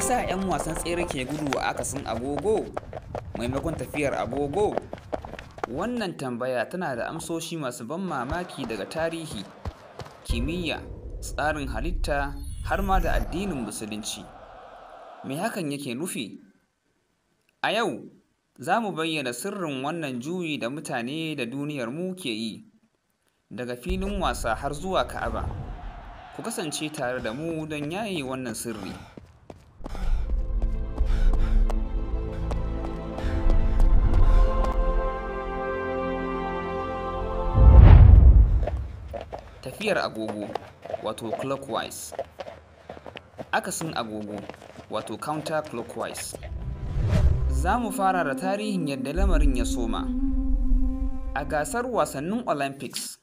yasa 'yan wasan tsere ke gudu a akasin agogo maimakon tafiyar agogo wannan tambaya tana da amsoshi masu ban mamaki daga tarihi kimiyya tsarin halitta har ma da addinin musulunci me hakan yake nufi a yau za mu bayyana sirrin wannan juyi da mutane da duniyar mu ke yi daga filin wasa har zuwa ka'aba ku kasance tare da mu don yaye wannan sirri tafiyar agogo wato clockwise akasin agogo wato 'Counter-clockwise' za mu fara da tarihin yadda lamarin ya soma a gasar wasannin olympics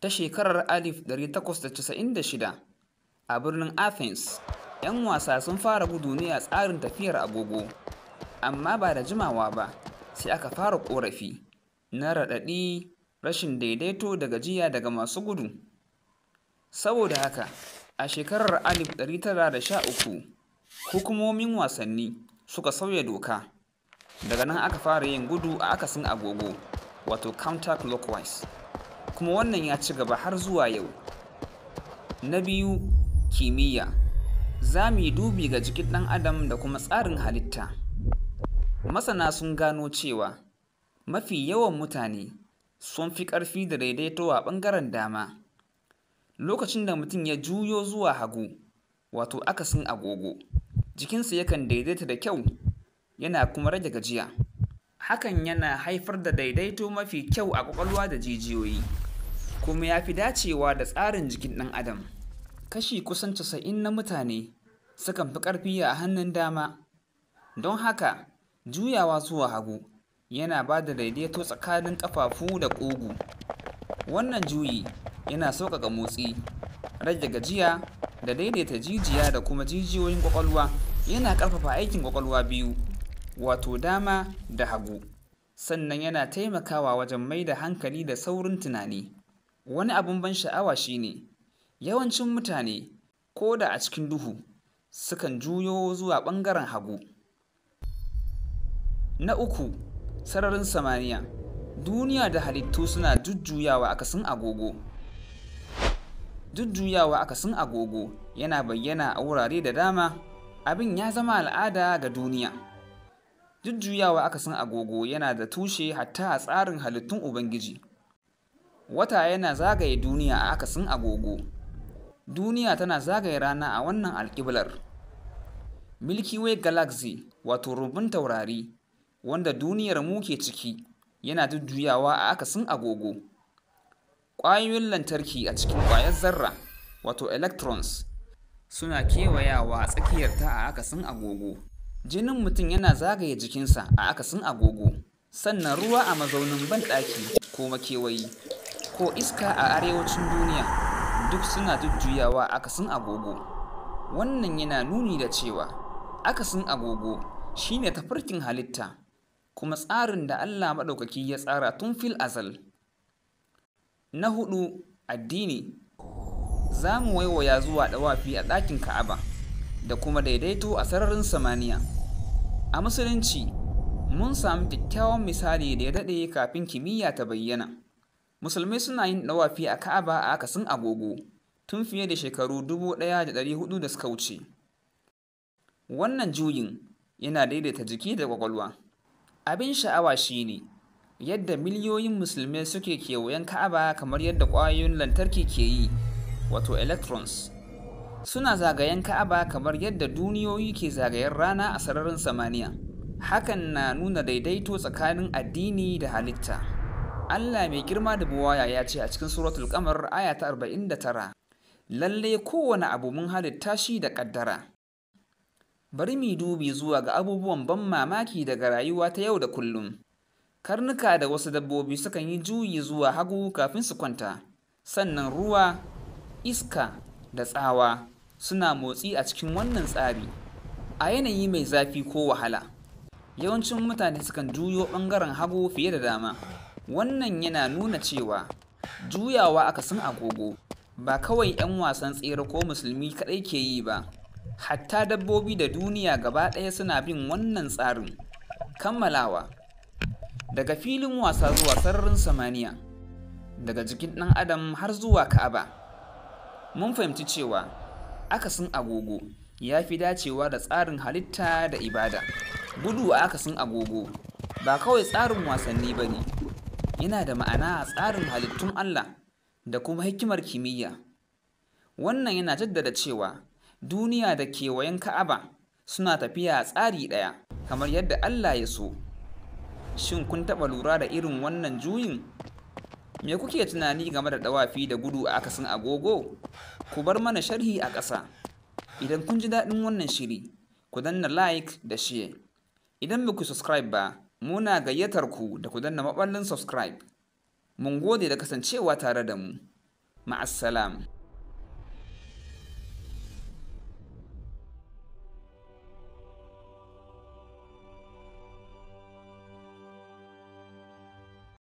ta shekarar 1896 a birnin athens 'yan wasa sun fara gudu ne a tsarin tafiyar agogo amma ba da jimawa ba sai aka fara korafi na raɗaɗi rashin daidaito da gajiya daga masu gudu Saboda haka, a shekarar 1913, hukumomin wasanni suka sauya doka, daga nan aka fara yin gudu a akasin agogo (counter-clockwise) kuma wannan ya ci gaba har zuwa yau. Na biyu, kimiyya. Za mu yi dubi ga jikin ɗan adam da kuma tsarin halitta. Masana sun gano cewa mafi yawan mutane sun fi ƙarfi da daidaito a ɓangaren dama. lokacin da mutum ya juyo zuwa hagu wato akasin agogo jikinsa yakan daidaita da kyau yana kuma rage gajiya hakan yana haifar da daidaito mafi kyau a kwakwalwa da jijiyoyi kuma ya fi dacewa da tsarin jikin ɗan adam kashi kusan casa'in na mutane sukan fi ƙarfi a hannun dama don haka juyawa zuwa hagu yana ba da daidaito tsakanin ƙafafu da ƙugu wannan juyi yana sauƙaƙa motsi rage gajiya da daidaita jijiya da kuma jijiyoyin ƙwaƙwalwa yana ƙarfafa aikin ƙwaƙwalwa biyu wato dama da hagu sannan yana taimakawa wajen mai da hankali da saurin tunani wani abin ban sha'awa shine yawancin mutane ko da a cikin duhu sukan juyo zuwa ɓangaren hagu na uku sararin samaniya duniya da halittu suna jujjuyawa akasin agogo jujjuyawa akasin agogo yana bayyana a wurare da dama abin ya zama al'ada ga duniya jujjuyawa akasin agogo yana da tushe hatta a tsarin halittun ubangiji wata yana zagaye duniya a akasin agogo duniya tana zagaye rana a wannan alkiblar milky way galaxy wato rubin taurari wanda duniyar mu ke ciki yana jujjuyawa a akasin agogo ƙwayoyin lantarki a cikin ƙwayar zarra wato electrons suna kewayawa a tsakiyarta a akasin agogo jinin mutum yana zagaye jikinsa a akasin agogo sannan ruwa a mazaunin banɗaki ko makewayi ko iska a arewacin duniya duk suna jujjuyawa akasin agogo wannan yana nuni da cewa akasin agogo shine tafarkin halitta kuma tsarin da allah maɗaukaki ya tsara tun fil azal na hudu addini za mu waiwaya zuwa dawafi a ɗakin ka'aba da kuma daidaito a sararin samaniya a musulunci mun sami kyakkyawan misali da ya daɗe kafin kimiyya ta bayyana musulmai suna yin dawafi a ka'aba a akasin agogo tun fiye da shekaru dubu ɗaya da suka wuce wannan juyin yana daidaita jiki da kwakwalwa abin sha'awa shine yadda miliyoyin musulmai suke kewayen ka'aba kamar yadda ƙwayoyin lantarki ke yi wato electrons suna zagayen ka'aba kamar yadda duniyoyi ke zagayen rana a sararin samaniya hakan na nuna daidaito tsakanin addini da halitta allah mai girma da buwaya ya ce a cikin suratul kamar aya ta arba'in da tara. lalle kowane abu mun halitta shi da ƙaddara bari mu dubi zuwa ga abubuwan ban mamaki daga rayuwa ta yau da kullum karnuka da wasu dabbobi sukan yi juyi zuwa hagu kafin su kwanta sannan ruwa iska da tsawa suna motsi a cikin wannan tsari a yanayi mai zafi ko wahala yawancin mutane sukan juyo ɓangaren hagu fiye da dama wannan yana nuna cewa juyawa akasin agogo ba kawai 'yan wasan tsere ko musulmi kaɗai ke yi ba hatta dabbobi da duniya gaba ɗaya suna bin wannan tsarin kammalawa daga filin wasa zuwa sararin samaniya daga jikin ɗan adam har zuwa ka'aba mun fahimci cewa akasin agogo ya fi dacewa da tsarin halitta da ibada gudu a akasin agogo ba kawai tsarin wasanni ba ne yana da ma'ana a tsarin halittun allah da kuma hikimar kimiyya wannan yana jaddada cewa duniya da kewayen ka'aba suna tafiya a tsari ɗaya kamar yadda allah ya so shin kun taɓa lura da irin wannan juyin me kuke tunani game da ɗawafi da gudu a akasin agogo ku bar mana sharhi a ƙasa idan kun ji daɗin wannan shiri ku danna like da share idan ba ku subscribe ba muna gayyatar ku da ku danna maɓallin subscribe mun gode da kasancewa tare da mu ma'assalam